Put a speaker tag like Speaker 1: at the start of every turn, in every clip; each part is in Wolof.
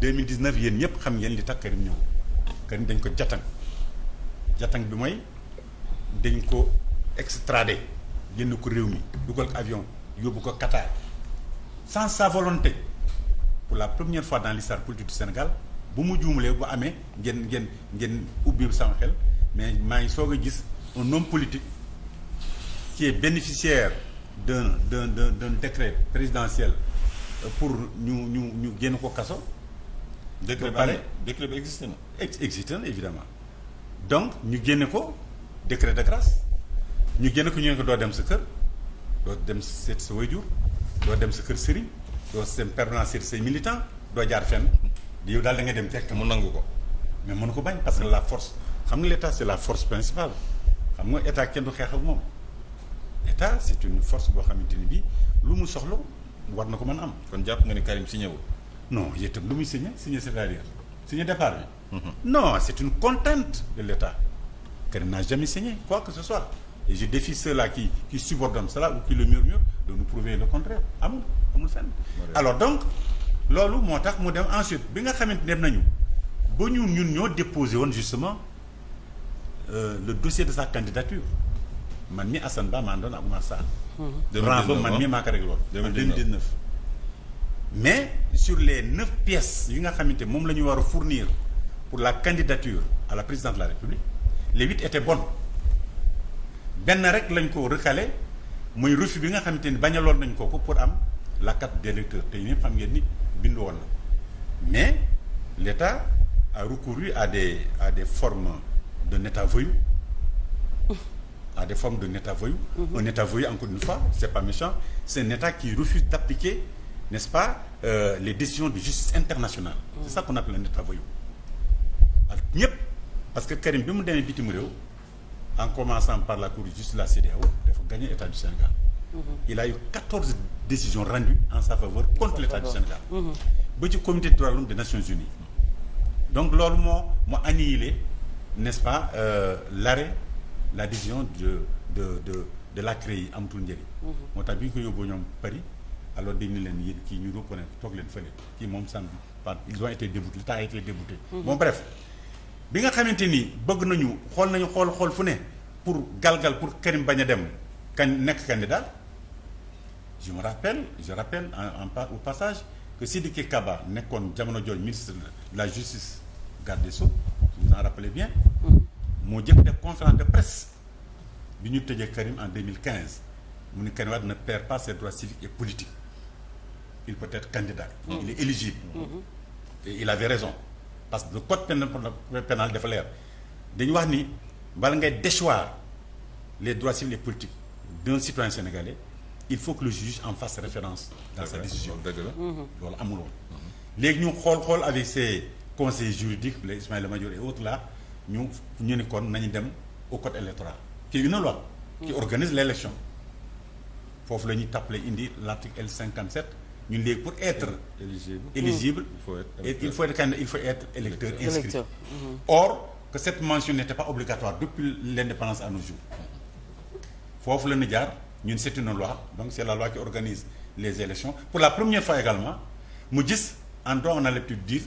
Speaker 1: 2019 yéen ñëpp xam ngeen li tax Karim ñëw Karim dañ ko jatan jatan bi mooy dañ ko extradé génn ko réew mi dugal ko avion yóbbu ko Qatar sans sa volonté pour la première fois dans l'histoire politique du Sénégal bu mu juumalee bu amee ngeen ngeen ngeen ubbi sama xel mais maa ngi soog a gis un homme politique qui est bénéficiaire d'un d'un d'un décret présidentiel pour ñu ñu ñu génn ko kaso décret ba décret bi existé na. existé na évidemment donc ñu génne ko décret de grâce ñu génne ko ñu ne ko doo dem sa kër doo dem seet sa wayjur doo dem sa kër sëriñ doo seen permanence say militant doo jaar fen yow daal da nga dem direct mu nangu ko mais mënu ko bañ parce que la force xam nga l' état c' la force principale xam nga état kenn du xeex ak moom état c' une force boo xamante ni bii lu mu soxla war na ko mën am. kon jàpp nga ni Karim si ñëw non yéen lu muy signé signé c'est-à-dire signé départ bi. Mm-hmm. non c'est une contrainte de l'État. Karim n'a jamais signé quoi que ce soit et je défie ceux-là qui qui subordonnent cela ou qui le murmurent de nous prouver le contraire amul amul fenn. alors donc loolu moo tax mu dem en ensuite bi nga xamante dem nañu ba ñun ñun ñoo déposé woon justement euh, le dossier de sa candidature man mi Assane Ba maa doon ak Oumar Sarr. de mm-hmm. ren man mi maa ko réglé woon. mais sur les neuf pièces yi nga xamante moom la ñu war a fournir pour la candidature à la présidence de la république les huit étaient benn rek lañ ko recalé muy refus bi nga xamante ni bañaloon nañ ko ko pour am la carte d'électeur te ñëpp xam ngeen nii bindu woon na mais l'État a recouru à des à des formes d'un État voyou à des formes d'un État voyou. Mm-hmm. un État voyou encore une fois c'est pas méchant c'est un État qui refuse d'appliquer n'est-ce pas euh, les décisions de justice internationale c'est ça qu'on appelle un état ak ñëpp parce que Karim bi mu demee bitim réew en commençant par la cour de justice de la CEDEAO dafa gagné état du Sénégal mm-hmm. il a eu quatorze décisions rendues en sa faveur contre l'état du Sénégal mm-hmm. ba ci comité des loolu moo moo annihilé n'est-ce pas euh, l'arrêt la décision de de de de la CREI amatul njëriñ mm-hmm. moo tax bi ñu ko yóbboo ñoom Paris alors dañu leen yéen kii ñu reconnaître toog leen fële kii moom sànni par ils ont été déboutés l'État a été débouté. Mhm. bon bref bi nga xamante ni bëgg nañu xool nañu xool xool fu ne pour galgal pour Karim bañ a dem kañ nekk candidat je me rappelle je rappelle en en au passage que Sidiki Kaba nekkoon jamono jooju ministre la justice garde des Sceaux vous en rappelez bien. Mhm. moo jëkk def conférence de presse bi ñu tëjee Karim en 2015 mu ni Karim Wade ne perd pas ses droits civiques et politiques. il peut être candidat mm-hmm. il est éligible mm-hmm. et il avait raison parce que le code pénal dafa dañu wax ni bala ngay déchoir les droits civils et politiques d'un citoyen sénégalais il faut que le juge en fasse référence dans sa décision mm-hmm. loolu amul léegi ñu xool-xool avec ses conseillers juridiques les Ismaïla Madior et autres la ñu ñu ni kon nañu dem au code électoral qui est une loi qui organise l'élection foofu la ñuy tappale indi l'article L57 ñun léegi pour être éligible, éligible il, il faut être candidat il faut être électeur inscrit mm-hmm. or que cette mention n'était pas obligatoire depuis l'indépendance à nos jours foofu la ñu jaar ñun c'est une loi donc c'est la loi qui organise les élections pour la première fois également mu gis en droit on a l'habitude dire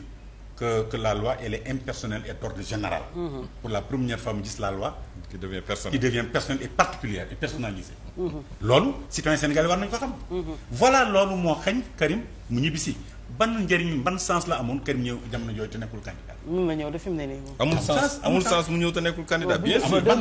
Speaker 1: que que la loi elle est impersonnelle et d'ordre général. Mm-hmm. pour la première fois mu la loi. qui devient personnelle qui devient personnelle et particulière et personnalisée. Mm-hmm. loolu citoyen sénégalais war nañu ko xam. Mm-hmm. voilà loolu moo xañ Karim mu ñibbisi ban njëriñ ban sens la amoon Karim ñëw jamono jooju te nekkul candidat. amul sens amul sens mu ñëw te nekkul candidat bien sûr.